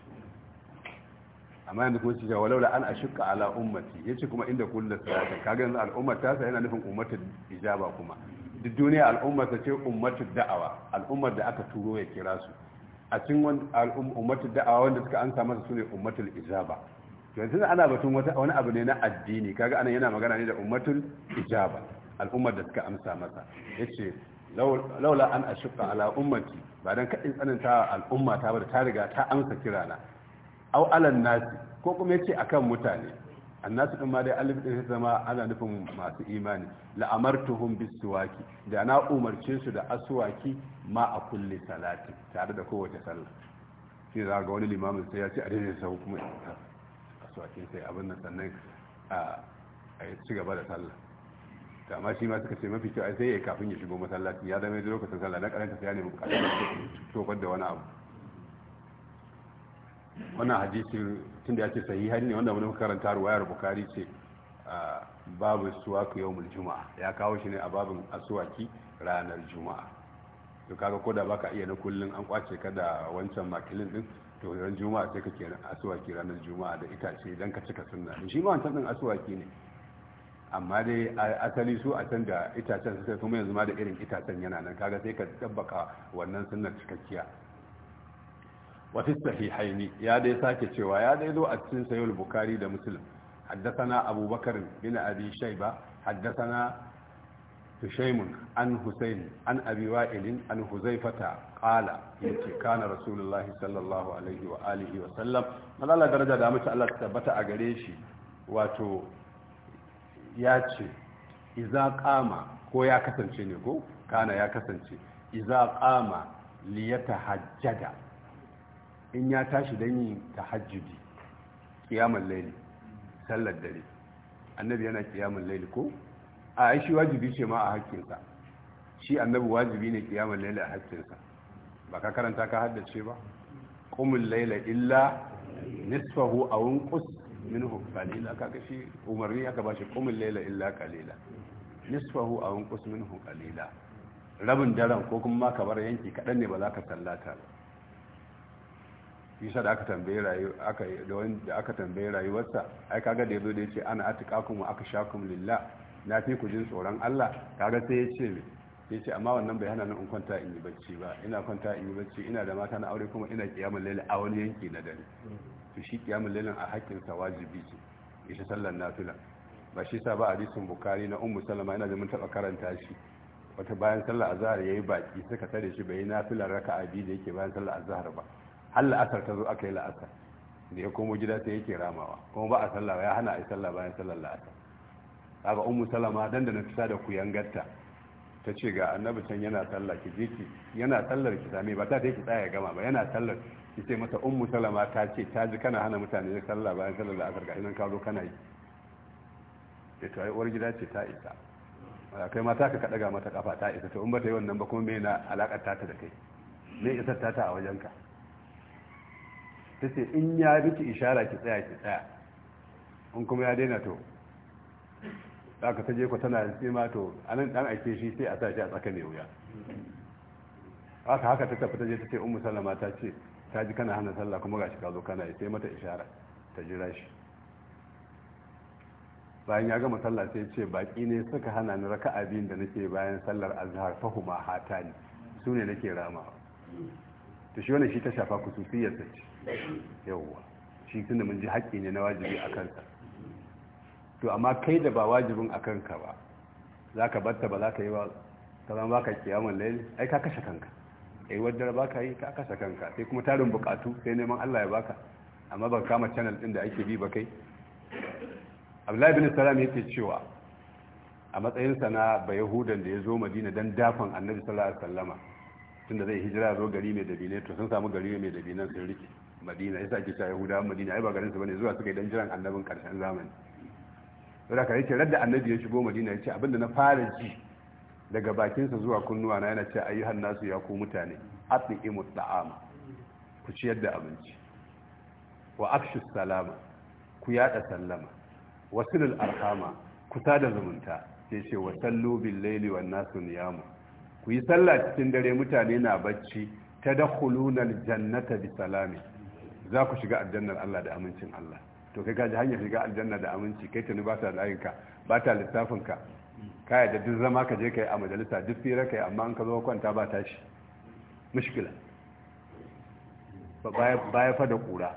amma yanzu kuma cewa laula an ashqa ala ummati yace kuma inda kullu salata kaga yanzu al'umma ta sa yana nufin ummatin ijaba kuma duk duniya al'umma ta ce ummatin da'awa al'ummar da aka turo ya kira su a cikin ummatul da'awa wanda suka ansa masa sune ummatul ijaba yanzu ana batun wani abu ne na addini kaga anan yana magana ne da ummatul ijaba al'ummar da suka amsa masa ya ce laula an ashqa ala ummati ba don kadin tsananta al'umma ta ba ta riga ta amsa kirana au alan nasi ko kuma ya yace akan mutane annasu din ma dai alif ya zama ana nufin masu imani la'amartuhum bisuwaki da na umarce su da aswaki ma a kulle salati tare da kowace sallah shi za ga wani limamin sai ya ce a daidai sau kuma asuwakin sai abin nan sannan a ci gaba da sallah to amma shi ma suka ce mafi kyau sai ya kafin ya shigo masallaci ya zama lokacin sallah na karanta sai ya nemi da tofar da wani abu wannan hadisi tunda ya ce sahiha ne wanda wani karanta ruwayar bukari ce babu suwaku mul juma'a ya kawo shi ne a babin asuwaki ranar juma'a to kaga ko da baka iya na kullun an kwace ka da wancan makilin din to ran juma'a sai kake asuwaki ranar juma'a da itace dan ka cika sunna shi ma wancan din asuwaki ne amma dai asali su a can da itacen suka kuma yanzu ma da irin itacen yana nan kaga sai ka tabbaka wannan sunnar cikakkiya wasu sahihaini ya dai sake cewa ya dai zo a cikin sayul bukari da muslim haddasana abubakar bin abi shaiba haddasana tushaimun an husain an abi wa'ilin an huzaifata qala yace kana rasulullahi sallallahu alaihi wa alihi wa sallam madalla daraja da mutu Allah ta tabbata a gare shi wato ya ce iza kama ko ya kasance ne ko kana ya kasance iza kama liyata hajjada in ya tashi don yi tahajjudi kiyamar laili sallar dare annabi yana kiyamar laili ko a shi wajibi ce ma a haƙƙinsa. shi annabi wajibi ne kiyamar laili a haƙƙinsa. ba ka karanta ka haddace ba qumul laila illa nisfahu aw unqus minhu qalila kaga shi umarni aka bashi qumul layla illa qalila nisfahu aw unqus minhu qalila rabin daren ko kuma ma kabar yanki kadan ne ba za ka sallata ba yasa da aka tambaye rayu aka da wanda aka tambaye rayuwarsa ai kaga da yazo da yace ana atqakum wa akshakum lillah na fi ku jin tsoron Allah kaga sai yace ya ce amma wannan bai hana nan in kwanta in yi bacci ba ina kwanta in yi bacci ina da mata na aure kuma ina kiyamun laila a wani yanki na dare to shi kiyamun lailin a haƙƙinsa wajibi ce ita sallar nafila ba shi sa ba hadisin bukari na ummu salama ina da mun taɓa karanta shi wata bayan sallar azhar yayi baki suka tare shi bai nafilar raka'a biyu da yake bayan sallar azhar ba har la'asar ta zo aka yi la'asar da ya komo gida sai yake ramawa kuma ba a sallah ya hana a yi sallah bayan sallar la'asar kaga ummu salama dan da na fita da yangatta. ta ce ga annabi can yana sallah ki je ki yana sallar ki same ba ta da ki tsaya gama ba yana sallar ki ce mata ummu salama ta ce ta ji kana hana mutane sallah bayan sallar da asar gashi ka zo kana yi ya ta yi uwar gida ce ta isa kai ma ka kaɗa ga mata kafa ta isa to in ba ta yi wannan ba kuma me na alakar ta da kai me isar ta ta a wajenka ta ce in ya bi ki ishara ki tsaya ki tsaya in kuma ya daina to da aka ta je ku tana sai ma to anan dan ake shi sai a sa shi a tsaka mai wuya haka haka ta tafi ta je ta ce ummu sallama ta ce ta ji kana hana sallah kuma gashi ka zo kana yi sai mata ishara ta jira shi bayan ya gama sallah sai ce baki ne suka hana ni raka'a abin da nake bayan sallar azhar fahuma hatani su ne nake ramawa to shi wannan shi ta shafa kusufiyar ta ce yawwa shi tunda mun ji haƙƙi ne na wajibi a kansa to amma kai da ba wajibin a kanka ba za ka batta ba za ka yi ba ta zama baka kiyamun laili ai ka kashe kanka ai wadda ba ka yi ka kashe kanka sai kuma tarin bukatu sai neman Allah ya baka amma ba kama channel din da ake bi ba kai Abdullahi bin Salam yake cewa a matsayinsa na bayahudan da ya zo Madina dan dafan Annabi sallallahu alaihi wasallama tunda zai hijira zo gari mai dabine to sun samu gari mai dabinan sun rike Madina yasa ake cewa Yahudawa Madina ai ba garin su bane zuwa suka yi dan jiran Annabin karshen zamani da ka ce, radda annabi ya shigo madina ce, abinda na fara ji daga bakinsa zuwa kunnuwa na yana ce ayyuhan nasu ya ku mutane imu ta'ama ku ciyar da abinci wa afshu salama ku yada sallama wasilul arhama ku sada zumunta sai ce wa sallu bil laili wan nasu niyamu ku yi sallah cikin dare mutane na bacci tadkhuluna al jannata bi salami za ku shiga aljannar Allah da amincin Allah to kai ji hanyar shiga aljanna da aminci kai tuni ba ta layinka ba ta littafinka ka yadda duk zama ka je kai a majalisa duk fira kai amma an ka zo kwanta ba tashi mushkila baya fa da kura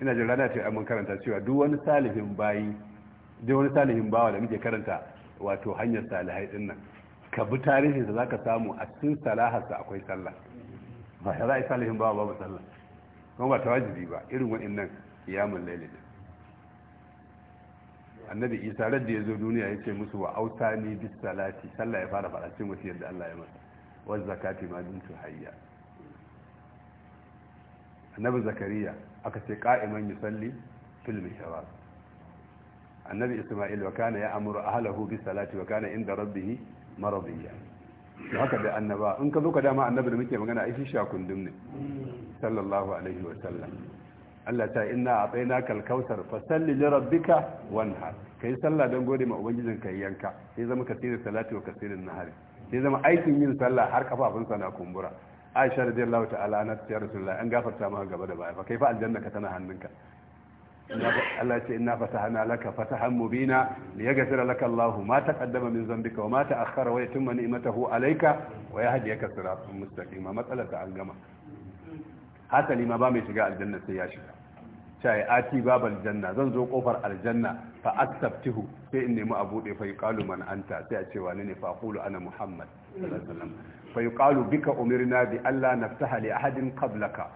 ina jin rana ce a mun karanta cewa duk wani salihin bayi duk wani salihin bawa da muke karanta wato hanyar salihai din nan ka bi tarihin da zaka samu a cikin salaharsa akwai sallah ba ya za a yi salihin bawa babu sallah kuma ba ta wajibi ba irin ya mun lailin annabi isa ran da ya zo duniya ya ce musu wa ni bis salati sallah ya fara faɗa cin wasiyar da allah ya masa wa zakati ma dumtu hayya annabi zakariya aka ce qa'iman yusalli fil mihrab annabi isma'il wa kana ya'muru ahlahu bis salati wa kana inda rabbih maradiya to haka da annaba in ka zo ka dama annabi da muke magana ai shi shakundum ne sallallahu alaihi wa sallam Allah ta inna a tsaye kalkausar fasalli li rabbika har ka yi sallah don gode ma ubangijin ka yanka sai zama salatu salati wa na hari sai zama aikin yin sallah har kafafunsa na kumbura aisha radiyallahu ta'ala na ta rasulullah an gafarta ma gaba da baya ba kai fa aljanna ka tana hannunka Allah ce inna fatahana laka fatahan mubina liyaghfira laka Allahu ma taqaddama min dhanbika wa ma ta'akhkhara wa yatimma ni'matahu alayka wa yahdiyaka siratan mustaqima matsalata an gama hasali ma ba mai shiga aljanna sai ya shiga cai ati bab aljanna zan zo kofar aljanna fa aksabtihu sai in nemi a bude fa yuqalu man anta sai a ce wani ne fa aqulu ana muhammad fa yuqalu bika umirna bi alla naftaha li ahadin qablaka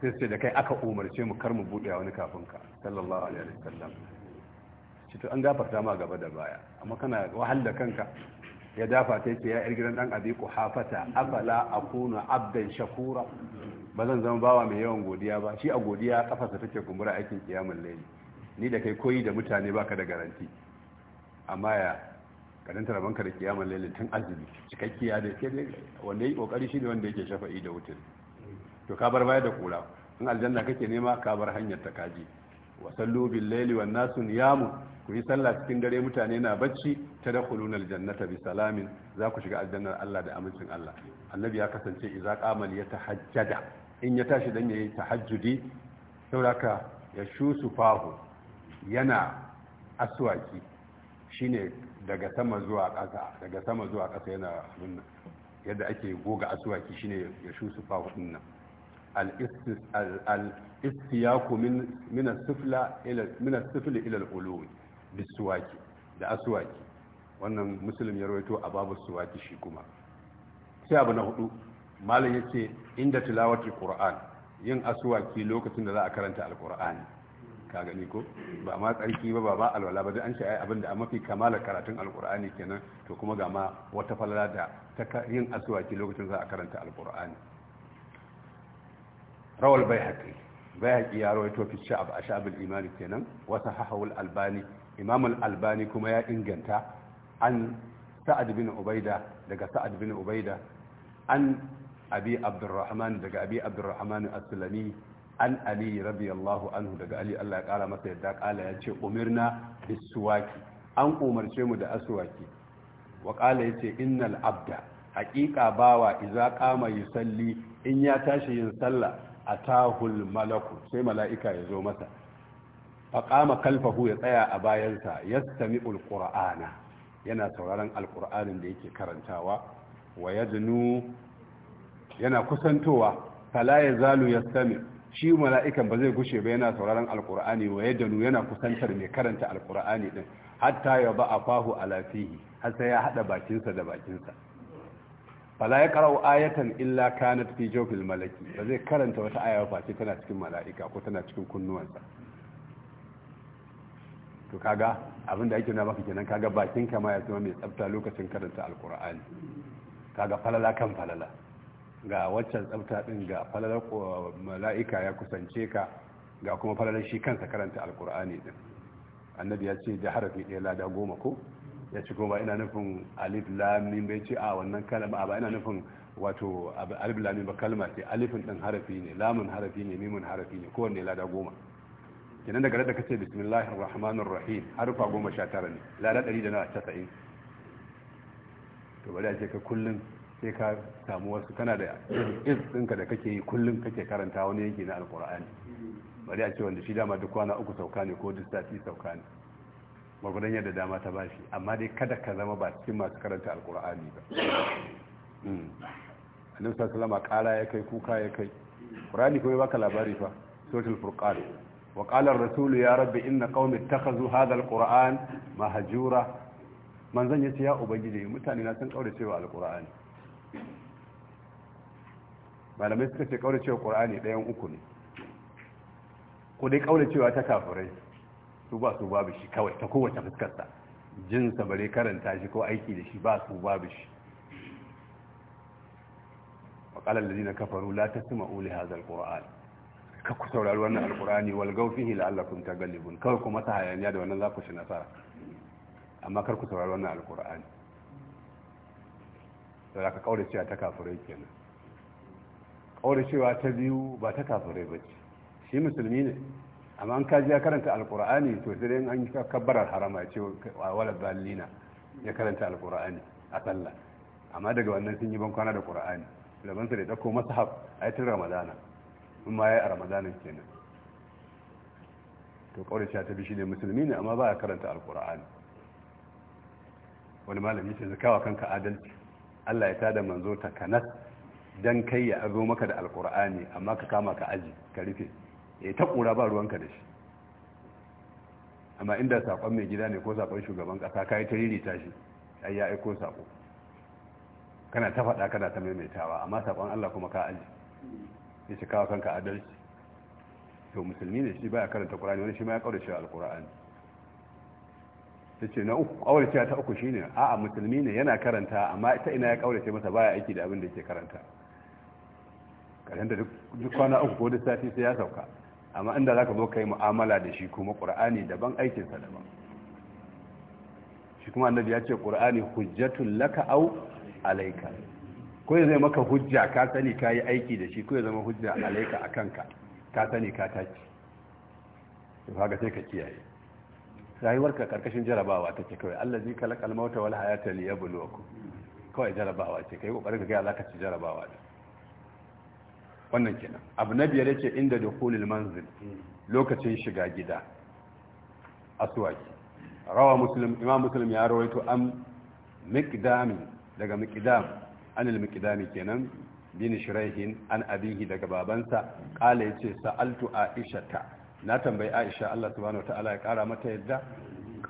sai sai da kai aka umarce mu kar mu bude wani kafin ka sallallahu alaihi wasallam shi to an gafarta ma gaba da baya amma kana wahal da kanka ya dafa ta ce ya yar gidan dan abi ku hafata afala akuna abdan shakura ba zan zama bawa mai yawan godiya ba shi a godiya kafasa take kumbura aikin kiyamun laili ni da kai koyi da mutane baka da garanti amma ya karanta rabanka da kiyamun laili tun azumi cikakkiya da ke wanda yi kokari shi ne wanda yake shafa'i da wutar to ka bar baya da kura in aljanna kake nema ka bar hanyar ta kaji wa sallu bil laili wan nasu niyamu ku yi sallah cikin dare mutane na bacci ta da kulunar jannata bi salamin za ku shiga aljannar Allah da amincin Allah annabi ya kasance idza qama ya in ya tashi dan yayi tahajjudi sauraka ya shusu fahu yana aswaki shine daga sama zuwa ƙasa daga sama zuwa ƙasa yana abin nan yadda ake goga aswaki shine ya shusu fahu din al-istiyaku min as-sufla ila min as-sufli ila al da aswaki wannan musulmi ya rawaito a babu suwaki shi kuma sai abu na hudu malam yace inda tilawati qur'an yin aswaki lokacin da za a karanta alquran ka gani ko ba ma tsarki ba ba ba alwala ba dai an ai abinda a mafi kamala karatun alqur'ani kenan to kuma ga ma wata falala da ta yin aswaki lokacin za a karanta alqur'ani rawal bayhaqi bayhaqi ya rawaito fi sha'ab ashab al-iman kenan wa sahahu al-albani imam al-albani kuma ya inganta an sa'ad bin ubaida daga sa'ad bin ubaida an abi abdurrahman daga abi abdurrahman as-sulami an ali radiyallahu anhu daga ali Allah ya kara masa yadda kala yace umirna biswaki an umarce mu da aswaki wa kala ya innal abda haƙiƙa bawa idza qama yusalli in ya tashi yin sallah atahul malaku sai mala'ika ya zo masa faƙama kalfahu ya tsaya a bayansa ya sami yana sauraron alƙura'anin da yake karantawa wa ya yana kusantowa fala ya zalu ya sami shi mala'ikan ba zai gushe ba yana sauraron alkur'ani wa yadda nu yana kusantar mai karanta alkur'ani din hatta ya ba a fahu alafihi har sai ya haɗa bakinsa da bakinsa fala ya karau ayatan illa kanat fi jawfil malaki ba zai karanta wata aya ba tana cikin mala'ika ko tana cikin kunnuwansa to kaga abin da ake na maka kenan kaga bakinka ma ya zama mai tsafta lokacin karanta alkur'ani kaga falala kan falala ga waccan tsafta din ga falalar mala'ika ya kusance ka ga kuma falalar shi kansa karanta alkur'ani din annabi ya ce da harafi ɗaya lada goma ko ya ce kuma ina nufin alif lamin bai ce a wannan a ba ina nufin wato alif lamin ba kalma ce alifin ɗin harafi ne lamun harafi ne mimun harafi ne kowanne lada goma kenan daga da kace bismillahir rahmanir rahim harfa goma sha tara ne lada ɗari da na casa'in to bari a ce ka kullum sai ka samu wasu kana da iz ɗinka da kake yi kullum kake karanta wani yanki na alkur'ani bari a ce wanda shi dama duk kwana uku sauka ne ko duk sati sauka ne gwagwadon yadda dama ta bashi amma dai kada ka zama ba cikin masu karanta alkur'ani ba hmm. annabi sallallahu alaihi kara ya kai kuka ya kai qur'ani kuma baka labari fa suratul furqan wa qala ar-rasul ya rabbi inna qaumi ittakhadhu hadha al-qur'an mahjura manzon yace ya ubangiji mutane na sun kaurace wa alkur'ani malamai suka ce kaura cewa qur'ani ɗayan uku ne ko dai kaura cewa ta kafirai su ba su babu shi kawai ta kowace fuskarsa jinsa bare karanta shi ko aiki da shi ba su babu shi وقال الذين كفروا uli تسمعوا لهذا ka ku saurari wannan alkurani walgau fihi la'allakum taghallibun kawai kuma ta hayaniya da wannan zaku shi nasara amma kar ku saurari wannan alkurani saboda ka kaure cewa ta kafirai kenan cewa ta biyu ba ta kafirai ba ce shi musulmi ne amma an kaji ya karanta alkur'ani to sai an yi kabbarar harama ce wala balina ya karanta alkur'ani a sallah amma daga wannan sun yi bankwana da qur'ani daban su da dauko yi ayatul ramadana in ma yayi a ramadana kenan to kaure cewa ta bi shi ne musulmi ne amma ba ya karanta alkur'ani wani malami ce zakawa kanka adalci Allah ya tada manzo ta kanas don kai ya azo maka da alkur'ani amma ka kama ka aji ka rufe ya eh, ta kura ba ruwanka da shi amma inda saƙon mai gida ne ko saƙon shugaban ƙasa ka yi ta ririta shi ai ya aiko saƙo kana ta faɗa kana ta maimaitawa amma saƙon allah kuma ka aji ya shi kawo kanka adalci to musulmi ne shi baya karanta ƙur'ani wani shi ma ya ƙaurace alkur'ani ta ce na uku ƙaurace ta uku shine a'a musulmi ne yana karanta amma ta ina ya ce masa baya aiki da abin da yake karanta karshen da duk kwana uku ko duk sati sai ya sauka amma inda zaka zo kai mu'amala da shi kuma qur'ani daban aikin sa daban shi kuma annabi ya ce qur'ani hujjatul laka aw alayka ko ya zai maka hujja ka sani kai aiki da shi ko ya zama hujja alayka akan ka ka sani ka taci to kaga sai ka kiyaye rayuwarka karkashin jarabawa take kawai zai kalakal mauta wal hayata liyabluwakum kawai jarabawa ce kai kokarin ka ga ka ci jarabawa da. wannan kenan abu na biyar yake inda da kulil manzil lokacin shiga gida aswaki rawa muslim imam muslim ya rawaito an miqdami daga miqdam anil miqdami kenan bin shiraihin an abihi daga babansa kala yace sa'altu aisha ta na tambayi aisha Allah subhanahu wataala ya kara mata yadda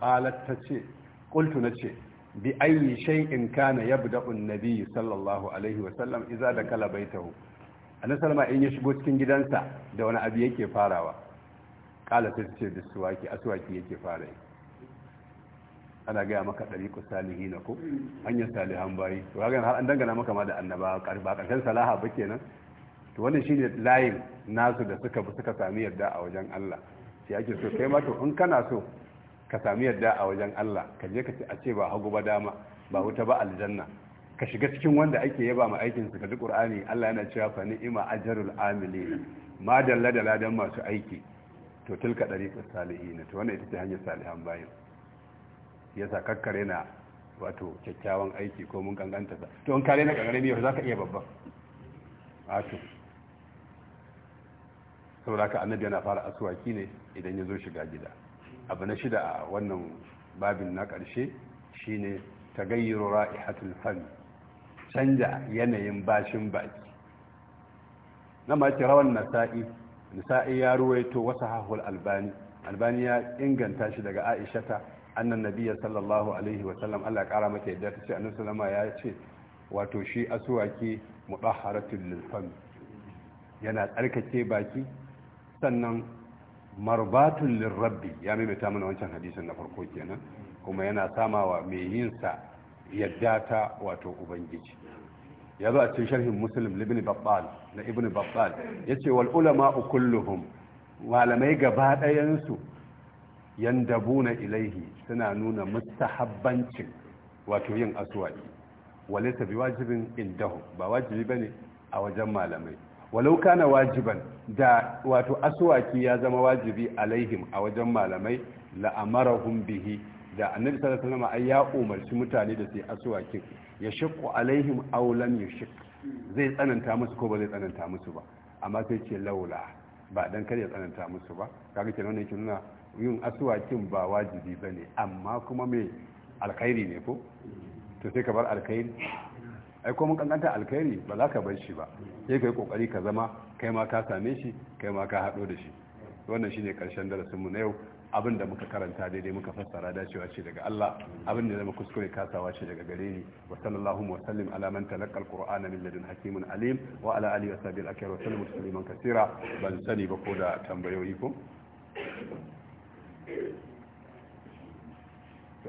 qalat ce qultu nace bi ayi shay'in kana yabda'u an-nabi sallallahu alaihi wasallam idza dakala baitahu annabi salama in ya shigo cikin gidansa da wani abu yake farawa kala ta ce da suwaki aswaki yake fara yi ana gaya maka ɗari ku salihi na ko hanyar salihan bayi to ga har an dangana maka ma da annaba ba ƙarshen salaha ba kenan to wani shi shine layin nasu da suka suka sami yarda a wajen Allah sai ake so kai ma to in kana so ka sami yarda a wajen Allah ka je ka ce a ce ba hagu ba dama ba wuta ba aljanna ka shiga cikin wanda ake yaba ma aikin su kaji qur'ani Allah yana cewa fa ni'ma ajrul amilin ma dalla da ladan masu aiki to tilka dariqus salihin to wannan ita ce hanyar salihan bayin yasa kakkare na wato kyakkyawan aiki ko mun ganganta sa to in kare na kankare ne za ka iya babban wato saboda ka annabi yana fara aswaki ne idan ya zo shiga gida abu na shida a wannan babin na ƙarshe shine tagayyuru ra'ihatul fami canja yanayin bashin baki na maki rawan nasa'i nasa'i ya ruwaito wasu hahul albani albani ya inganta shi daga aishata annan nabiya sallallahu alaihi wasallam allah kara mata yadda ta ce annan salama ya ce wato shi asuwaki mudaharatun lilfan yana tsarkake baki sannan marbatun lirrabbi ya maimaita mana wancan hadisin na farko kenan kuma yana samawa mai yinsa yadda ta wato ubangiji ya zo a cikin sharhin muslim ibn babbal na ibn babbal ya ce wal ulama kulluhum malamai gaba ɗayansu na ilaihi suna nuna mustahabbancin wato yin aswaki walaysa biwajibin indahu ba wajibi bane a wajen malamai walau kana wajiban da wato aswaki ya zama wajibi alaihim a wajen malamai la'amarahum bihi da annabi sallallahu alaihi wasallam ya umarci mutane da sai aswakin ya shakku alaihim aw lam yushik zai tsananta musu ko ba zai tsananta musu ba amma sai ce laula ba dan kar ya tsananta musu ba kaga kenan ne nuna yin asuwakin ba wajibi bane amma kuma me alkhairi ne ko to sai ka bar alkhairi ai ko mun kankanta alkhairi ba za ka bar shi ba sai kai kokari ka zama kai ma ka same shi kai ma ka hado da shi wannan shine karshen darasin mu na yau abin da muka karanta daidai muka fassara dacewa ce daga Allah abin da zama kuskure kasawa ce daga gare ni wa sallallahu wa sallim ala man talaqa alqur'ana min ladun hakimin alim wa ala alihi wa sahbihi al wa sallam kaseera ban sani ba ko da tambayoyi ko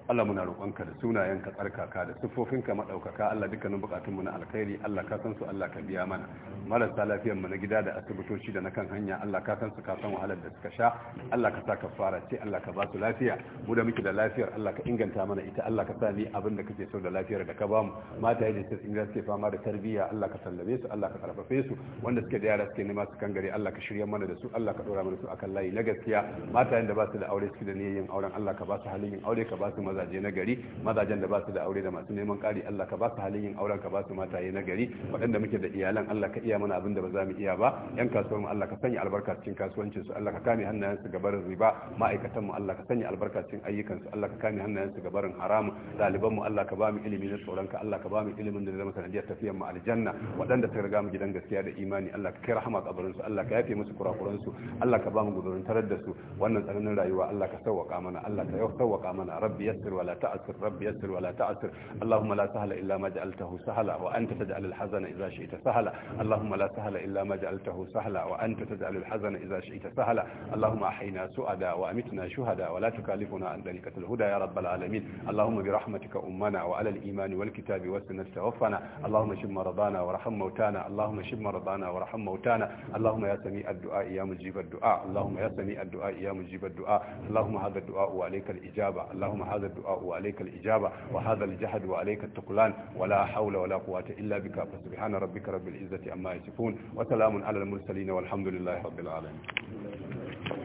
Allah muna roƙonka da sunayen ka tsarkaka da siffofinka maɗaukaka Allah dukkanin buƙatunmu na alkhairi Allah ka san su Allah ka biya mana marasa lafiyar mu na gida da asibitoci da na kan hanya Allah ka san su ka san wahalar da suka sha Allah ka sa kafara ce Allah ka ba su lafiya mu da muke da lafiyar Allah ka inganta mana ita Allah ka sa ni abin da kake so da lafiyar da ka bamu mata yaje su inda suke fama da tarbiyya Allah ka sallame su Allah ka karfafe su wanda suke da yara suke nema su kangare Allah ka shirya mana da su Allah ka dora mana su akan layi na gaskiya mata da ba su da aure suke da niyyar auren Allah ka ba su halin yin aure ka ba su mazaje na gari mazajen da ba su da aure da masu neman ƙari Allah ka ba su halin yin auren ka ba su mataye na gari waɗanda muke da iyalan Allah ka iya mana abin da ba za mu iya ba yan kasuwar mu Allah ka sanya albarka cikin kasuwancin su Allah ka kame hannayen su gabar riba ma'aikatan mu Allah ka sanya albarka cikin ayyukan su Allah ka kame hannayen su gabarin haramu ɗaliban mu Allah ka ba mu ilimi na tsoron ka Allah ka ba mu ilimin da zama sanadiyar tafiyar mu aljanna waɗanda suka riga mu gidan gaskiya da imani Allah ka kai rahama kabarin su Allah ka yafe musu kurakuran su Allah ka ba mu gudurin tarar da su wannan tsananin rayuwa Allah ka sauwaka mana Allah ka sauwaka mana rabbi يسر ولا تعسر رب يسر ولا تعسر اللهم لا سهل إلا ما جعلته سهلا وأنت تجعل الحزن إذا شئت سهلا اللهم لا سهل إلا ما جعلته سهلا وأنت تجعل الحزن إذا شئت سهلا اللهم أحينا سؤدا وأمتنا شهدا ولا تكلفنا عن ذلك الهدى يا رب العالمين اللهم برحمتك أمنا وعلى الإيمان والكتاب والسنة توفنا اللهم شم مرضانا ورحم موتانا اللهم شم مرضانا ورحم موتانا اللهم يا سميع الدعاء يا مجيب الدعاء اللهم يا سميع الدعاء يا مجيب الدعاء اللهم هذا الدعاء وعليك الإجابة اللهم هذا هذا الدعاء وعليك الإجابة وهذا الجهد وعليك التقلان ولا حول ولا قوة إلا بك فسبحان ربك رب العزة أما يصفون وسلام على المرسلين والحمد لله رب العالمين